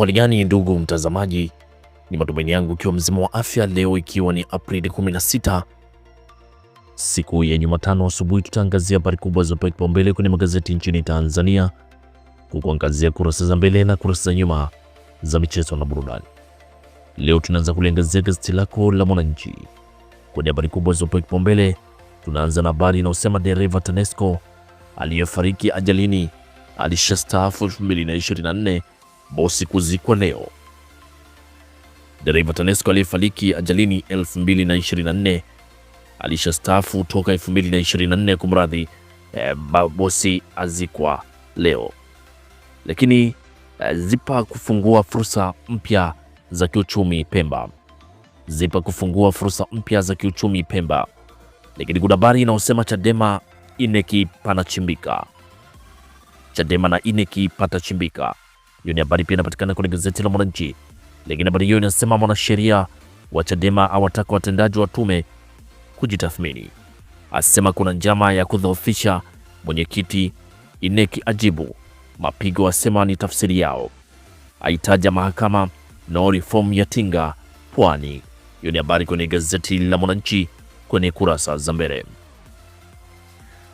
Hali gani ndugu mtazamaji, ni matumaini yangu ukiwa mzima wa afya leo, ikiwa ni Aprili 16 siku ya Jumatano asubuhi, tutaangazia habari kubwa zilizopewa kipaumbele kwenye magazeti nchini Tanzania, kukuangazia kurasa za mbele na kurasa za nyuma za michezo na burudani. Leo tunaanza kuliangazia gazeti lako la Mwananchi kwenye habari kubwa zopewa kipaumbele. Tunaanza na habari inayosema dereva TANESCO aliyefariki ajalini alishastaafu 2024 bosi kuzikwa leo. Dereva TANESCO aliyefariki ajalini 2024 alishastaafu toka 2024, kumradhi. E, bosi azikwa leo, lakini e, ZIPA kufungua fursa mpya za kiuchumi Pemba. ZIPA kufungua fursa mpya za kiuchumi Pemba, lakini kuna habari inayosema Chadema ineki panachimbika. Chadema na ineki patachimbika. Hiyo ni habari pia inapatikana kwenye gazeti la Mwananchi. Lakini habari hiyo inasema mwanasheria wa Chadema awataka watendaji wa tume kujitathmini, asema kuna njama ya kudhoofisha mwenyekiti. Ineki ajibu mapigo, asema ni tafsiri yao, aitaja mahakama no reform ya tinga pwani. Hiyo ni habari kwenye gazeti la Mwananchi kwenye kurasa za mbele.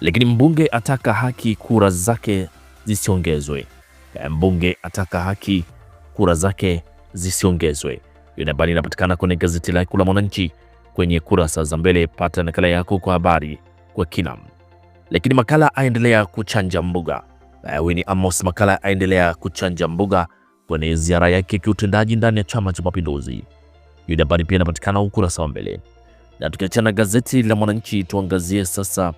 Lakini mbunge ataka haki kura zake zisiongezwe. Eh, mbunge ataka haki kura zake zisiongezwe. Yuna habari inapatikana kwenye gazeti lako la Mwananchi kwenye kurasa za mbele. Pata nakala yako kwa habari kwa kina. Lakini makala aendelea kuchanja mbuga. Huyu eh, ni Amos Makala aendelea kuchanja mbuga kwenye ziara yake kiutendaji ndani ya Chama cha Mapinduzi. Hiyo habari pia inapatikana ukurasa wa mbele. Na tukiachana gazeti la Mwananchi, tuangazie sasa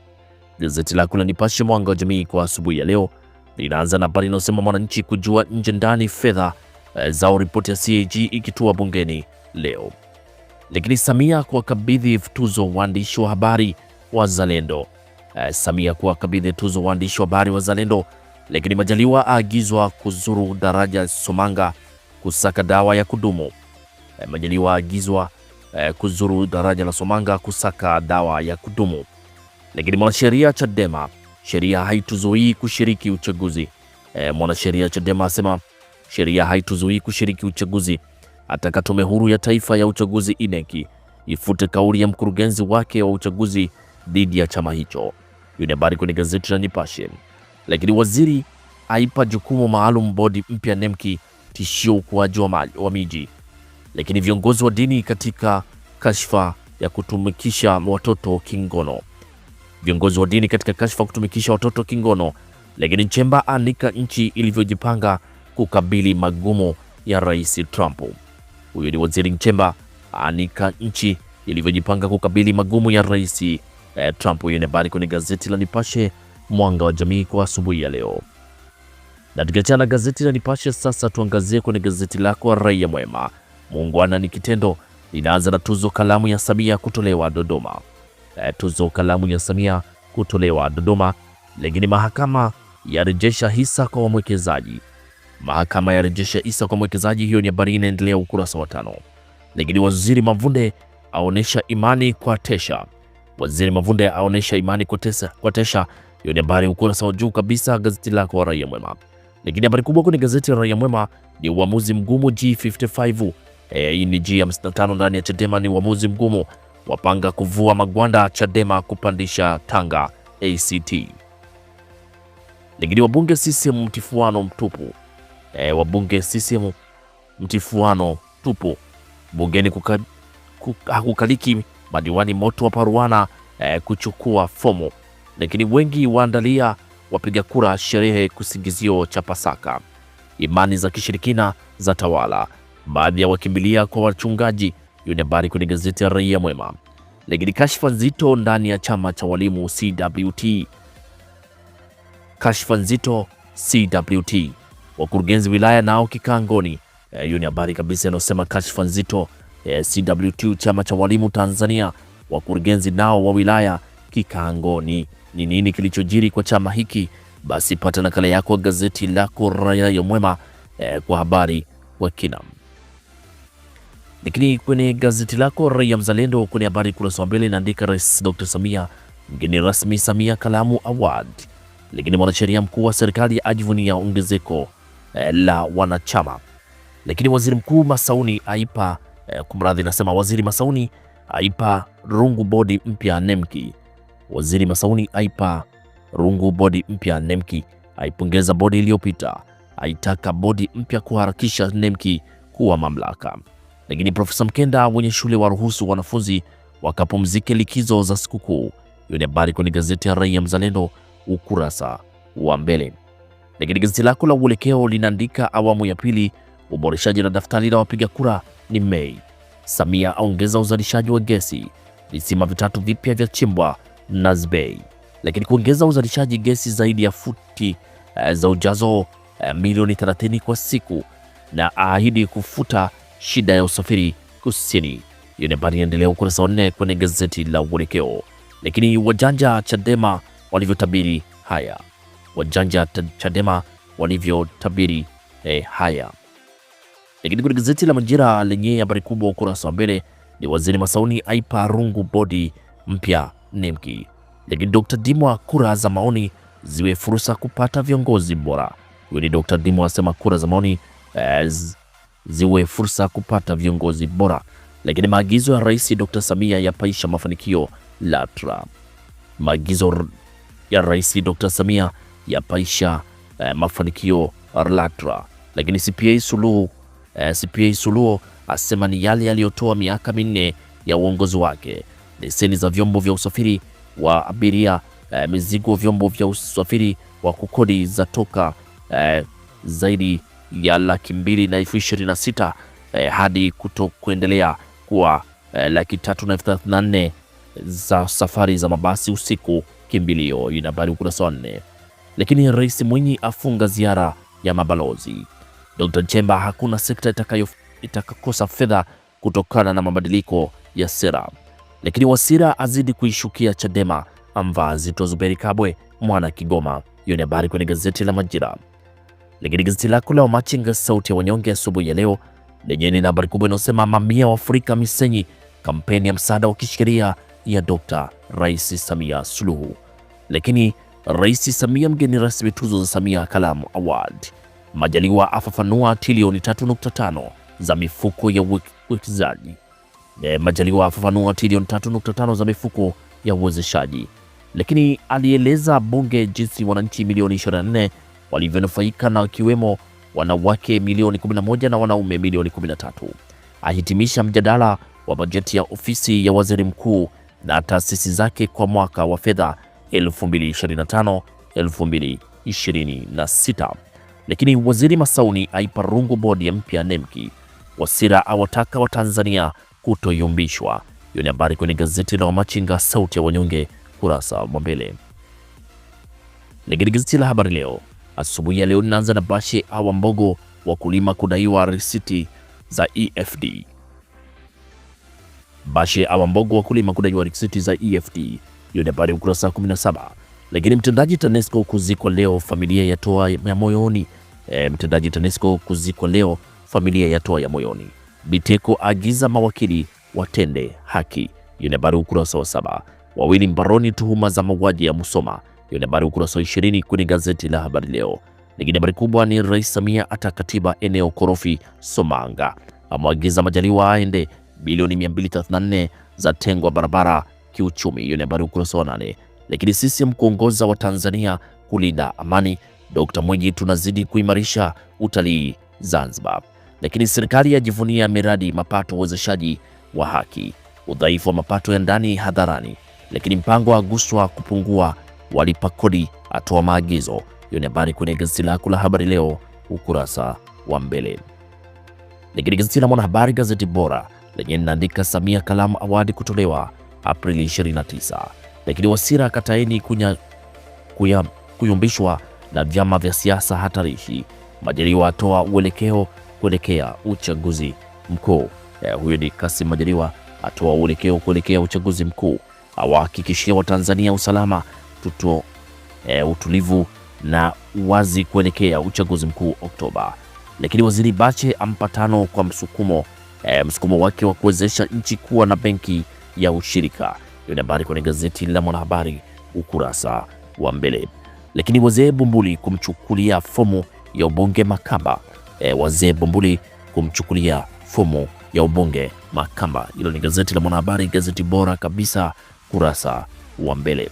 gazeti lako la Nipashe Mwanga wa Jamii kwa asubuhi ya leo. Linaanza na habari inayosema mwananchi kujua nje ndani fedha eh, zao, ripoti ya CAG ikitua bungeni leo. Lakini Samia kuwakabidhi tuzo waandishi wa habari wazalendo. Eh, Samia kuwakabidhi tuzo waandishi wa habari wazalendo. Lakini Majaliwa aagizwa kuzuru daraja Somanga kusaka dawa ya kudumu. Eh, Majaliwa aagizwa kuzuru daraja la Somanga kusaka dawa ya kudumu. Lakini mwanasheria Chadema sheria haituzuii kushiriki uchaguzi. E, mwanasheria Chadema asema sheria haituzuii kushiriki uchaguzi. Ataka tume huru ya taifa ya uchaguzi ineki e ifute kauli ya mkurugenzi wake wa uchaguzi dhidi ya chama hicho. Hiyo ni habari kwenye gazeti la Nipashe. Lakini waziri aipa jukumu maalum bodi mpya nemki tishio ukuaji wa, wa miji. Lakini viongozi wa dini katika kashfa ya kutumikisha watoto kingono viongozi wa dini katika kashfa kutumikisha watoto kingono, lakini Chemba anika nchi ilivyojipanga kukabili magumu ya Rais Trump. Huyo ni Waziri Nchemba anika nchi ilivyojipanga kukabili magumu ya Rais eh, Trump. Huyo ni habari kwenye gazeti la Nipashe mwanga wa jamii kwa asubuhi ya leo. Na tukiachana na gazeti la Nipashe sasa, tuangazie kwenye gazeti lako Raia Mwema. Muungwana ni kitendo linaanza na tuzo kalamu ya Samia kutolewa Dodoma eh, tuzo kalamu ya Samia kutolewa Dodoma. Lakini mahakama yarejesha hisa kwa mwekezaji. Mahakama yarejesha hisa kwa mwekezaji, hiyo ni habari inaendelea ukurasa wa tano. Lakini waziri Mavunde aonesha imani kwa Tesha. Waziri Mavunde aonesha imani kwa Tesha, kwa Tesha. Hiyo ni habari ukurasa wa juu kabisa gazeti lako la Raia Mwema. Lakini habari kubwa kwenye gazeti la Raia Mwema ni uamuzi mgumu G55. E, hii e, ni G55 ndani ya Chadema, ni uamuzi mgumu wapanga kuvua magwanda Chadema kupandisha Tanga ACT. Lakini wabunge CCM mtifuano mtupu. E, wabunge CCM mtifuano tupu bungeni kuka, kuka, hakukaliki madiwani moto wa paruana e, kuchukua fomu, lakini wengi waandalia wapiga kura sherehe kusingizio cha Pasaka. Imani za kishirikina za tawala, baadhi ya wakimbilia kwa wachungaji. yuni ni habari kwenye gazeti ya Raia Mwema lakini kashfa nzito ndani ya chama cha walimu CWT. Kashfa nzito CWT, wakurugenzi wilaya nao kikangoni. Eh, hiyo e, ni habari kabisa inayosema kashfa nzito e, eh, CWT, chama cha walimu Tanzania, wakurugenzi nao wa wilaya kikangoni. Ni nini kilichojiri kwa chama hiki? Basi pata nakala yako gazeti lako Raia ya Mwema e, eh, kwa habari kwa lakini kwenye gazeti lako Raia Mzalendo kwenye habari kurasa wa mbele inaandika Rais Dr. Samia mgeni rasmi Samia Kalamu Award. Lakini mwanasheria mkuu wa serikali ajivunia ongezeko eh, la wanachama. Lakini waziri mkuu Masauni aipa eh, kumradhi, nasema waziri Masauni aipa rungu bodi mpya Nemki. Waziri Masauni aipa rungu bodi mpya Nemki, aipongeza bodi iliyopita, aitaka bodi mpya kuharakisha Nemki kuwa mamlaka. Lakini Profesa Mkenda mwenye shule waruhusu wanafunzi wakapumzike likizo za sikukuu. Hiyo ni habari kwenye gazeti ya Raia Mzalendo ukurasa wa mbele. Lakini gazeti lako la Uelekeo linaandika awamu ya pili, uboreshaji na daftari la wapiga kura ni Mei. Samia aongeza uzalishaji wa gesi, visima vitatu vipya vya chimbwa Nazbei. Lakini kuongeza uzalishaji gesi zaidi ya futi eh, za ujazo eh, milioni 30 kwa siku na aahidi kufuta shida ya usafiri kusini. Hiyo ni habari inaendelea ukurasa wa nne kwenye gazeti la Uelekeo. Lakini wajanja Chadema walivyotabiri haya, wajanja Chadema walivyotabiri eh, haya. Lakini kwenye gazeti la Majira lenye habari kubwa ukurasa wa mbele ni waziri Masauni aipa rungu bodi mpya NEMKI. Lakini Dr. Dimwa, kura za maoni ziwe fursa kupata viongozi bora. Huyo ni Dr. Dimwa asema kura za maoni as eh, ziwe fursa kupata viongozi bora, lakini maagizo ya Rais Dr. Samia yapaisha mafanikio LATRA. Maagizo ya Rais Dr. Samia yapaisha eh, mafanikio LATRA, lakini CPA Suluhu eh, CPA Suluhu asema ni yale yaliyotoa miaka minne ya uongozi wake. Leseni za vyombo vya usafiri wa abiria eh, mizigo, vyombo vya usafiri wa kukodi za toka eh, zaidi ya laki mbili na elfu ishirini na sita eh, hadi kuto kuendelea kuwa eh, laki tatu na elfu thelathini na nne za safari za mabasi usiku kimbilio. Ina habari ukurasa wa nne. Lakini Rais Mwinyi afunga ziara ya mabalozi. Dr. Chemba, hakuna sekta itakakosa fedha kutokana na mabadiliko ya sera. Lakini Wasira azidi kuishukia Chadema, amvaa zito Zuberi Kabwe mwana Kigoma. Hiyo ni habari kwenye gazeti la Majira. Lakini gazeti lako la Wamachinga sauti ya wanyonge asubuhi ya leo lenye ni habari kubwa inayosema mamia Afrika Misenyi, kampeni ya msaada wa kisheria ya Dr. Rais Samia Suluhu. Lakini Rais Samia mgeni rasmi tuzo za Samia Kalamu Award. Majaliwa afafanua trilioni 3.5 za mifuko ya uwekezaji. E, Majaliwa afafanua trilioni 3.5 za mifuko ya uwezeshaji. Lakini alieleza bunge jinsi wananchi milioni 24 walivyonufaika na wakiwemo wanawake milioni 11 na wanaume milioni 13. Ahitimisha mjadala wa bajeti ya ofisi ya waziri mkuu na taasisi zake kwa mwaka wa fedha 2025 2026. Lakini waziri Masauni aipa rungu bodi ya mpya Nemki. Wasira awataka Watanzania kutoyumbishwa. Hiyo ni habari kwenye gazeti la Wamachinga sauti ya wanyonge kurasa wa mbele. Lakini gazeti la Habari Leo Asubuhi ya leo ninaanza na Bashe awa Mbogo, wakulima kudaiwa risiti za EFD. Bashe awa Mbogo, wakulima kudaiwa risiti za EFD. Hiyo ni habari ukurasa 17. Lakini mtendaji TANESCO kuzikwa leo, familia yatoa ya moyoni. E, mtendaji TANESCO kuzikwa leo, familia yatoa ya moyoni. Biteko agiza mawakili watende haki. Hiyo ni habari ukurasa wa saba. Wawili mbaroni tuhuma za mauaji ya Musoma. Hiyo ni habari ukurasa wa ishirini kwenye gazeti la Habari Leo. Lakini habari kubwa ni Rais Samia ata katiba eneo korofi Somanga, amwagiza Majaliwa aende, bilioni 234 za tengwa barabara kiuchumi. Hiyo ni habari ukurasa wa nane. Lakini CCM kuongoza wa Tanzania kulinda amani. Dr. Mwinyi, tunazidi kuimarisha utalii Zanzibar. Lakini serikali yajivunia miradi mapato, uwezeshaji wa haki, udhaifu wa mapato ya ndani hadharani. Lakini mpango wa guswa kupungua walipa kodi, atoa maagizo. Hiyo ni habari kwenye gazeti lako la Habari Leo ukurasa wa mbele. Lakini gazeti la Mwanahabari, gazeti bora lenye linaandika Samia kalamu awadi kutolewa Aprili 29, lakini Wasira akataini kuyumbishwa na vyama vya siasa hatarishi. Majaliwa atoa uelekeo kuelekea uchaguzi mkuu. Eh, huyo ni Kassim Majaliwa atoa uelekeo kuelekea uchaguzi mkuu, awahakikishia Watanzania usalama tuto, e, eh, utulivu na wazi kuelekea uchaguzi mkuu Oktoba. Lakini waziri Bache ampa tano kwa msukumo e, msukumo wake wa kuwezesha nchi kuwa na benki ya ushirika. Hiyo ni habari kwenye gazeti la Mwanahabari ukurasa wa mbele. Lakini wazee Bumbuli kumchukulia fomu ya ubunge Makamba. E, wazee Bumbuli kumchukulia fomu ya ubunge Makamba. Hilo ni gazeti la Mwanahabari, gazeti bora kabisa, kurasa wa mbele.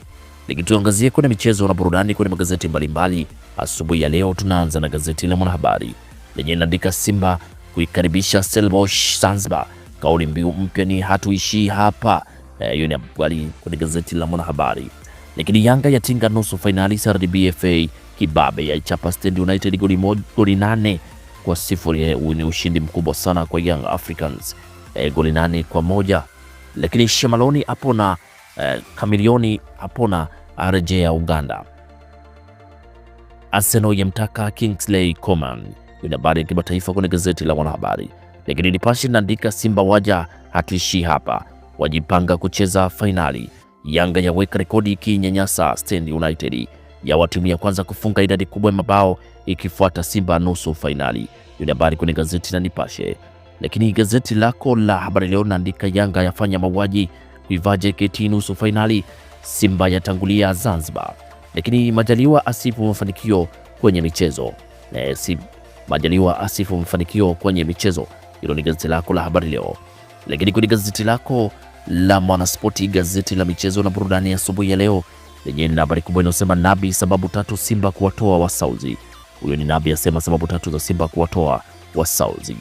Nikituangazia kwenye michezo na burudani kwenye magazeti mbalimbali asubuhi ya leo, tunaanza na gazeti la Mwanahabari lenye linaandika Simba kuikaribisha Stellenbosch Zanzibar, kauli mbiu mpya ni hatuishii hapa. Eh, hiyo e, ni kweli kwenye gazeti la Mwanahabari. Lakini Yanga yatinga nusu fainali CRDBFA, kibabe ya yaichapa Stand United goli goli nane kwa sifuri. Eh, huu Ni ushindi mkubwa sana kwa Young Africans, e, goli nane kwa moja. Lakini Shamaloni hapo na eh, Kamilioni apona arejea Uganda. Arsenal yamtaka Kingsley Coman. ni habari ya kimataifa kwenye gazeti la Mwanahabari, lakini Nipashe inaandika Simba waja hatuishii hapa, wajipanga kucheza fainali. Yanga yaweka rekodi ikinyanyasa Stand United, yawa timu ya kwanza kufunga idadi kubwa ya mabao ikifuata Simba nusu fainali. Hiyo ni habari kwenye gazeti la Nipashe, lakini gazeti lako la Habari Leo naandika Yanga yafanya mauaji Ivaje keti nusu fainali. Simba yatangulia Zanzibar, lakini Majaliwa asifu mafanikio kwenye michezo na si Majaliwa asifu mafanikio kwenye michezo. Hilo ni gazeti lako la habari leo, lakini kwenye gazeti lako la Mwanaspoti, gazeti la michezo na burudani asubuhi ya, ya leo lenye ni habari kubwa inayosema Nabi sababu tatu Simba kuwatoa Wasauzi. Huyo ni Nabi asema sababu tatu za Simba kuwatoa Wasauzi.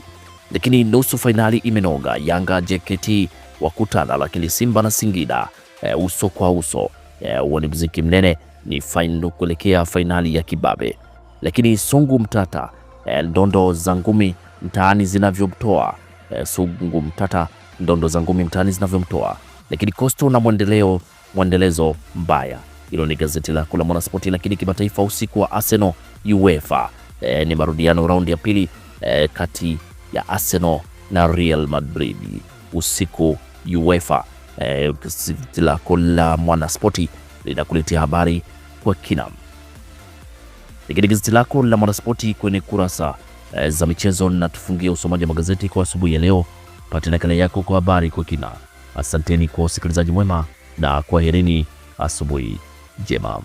Lakini nusu fainali imenoga Yanga JKT wakutana, lakini Simba na Singida e, uso kwa uso e, huo. E, ni mziki mnene, ni fainali kuelekea fainali ya kibabe. Lakini Sungu Mtata e, ndondo za ngumi mtaani zinavyomtoa e, Sungu Mtata ndondo za ngumi mtaani zinavyomtoa. Lakini Kosto na mwendeleo mwendelezo mbaya. Hilo ni gazeti la kula Mwanaspoti. Lakini kimataifa, usiku wa Arsenal UEFA e, ni marudiano raundi ya pili e, kati ya Arsenal na Real Madrid usiku UEFA. E, gazeti lako la Mwanaspoti linakuletea habari kwa kina. Lakini gazeti lako la Mwanaspoti kwenye kurasa eh, za michezo linatufungia usomaji wa magazeti kwa asubuhi ya leo. Pata nakala yako kwa habari kwa kina. Asanteni kwa usikilizaji mwema na kwaherini, asubuhi njema.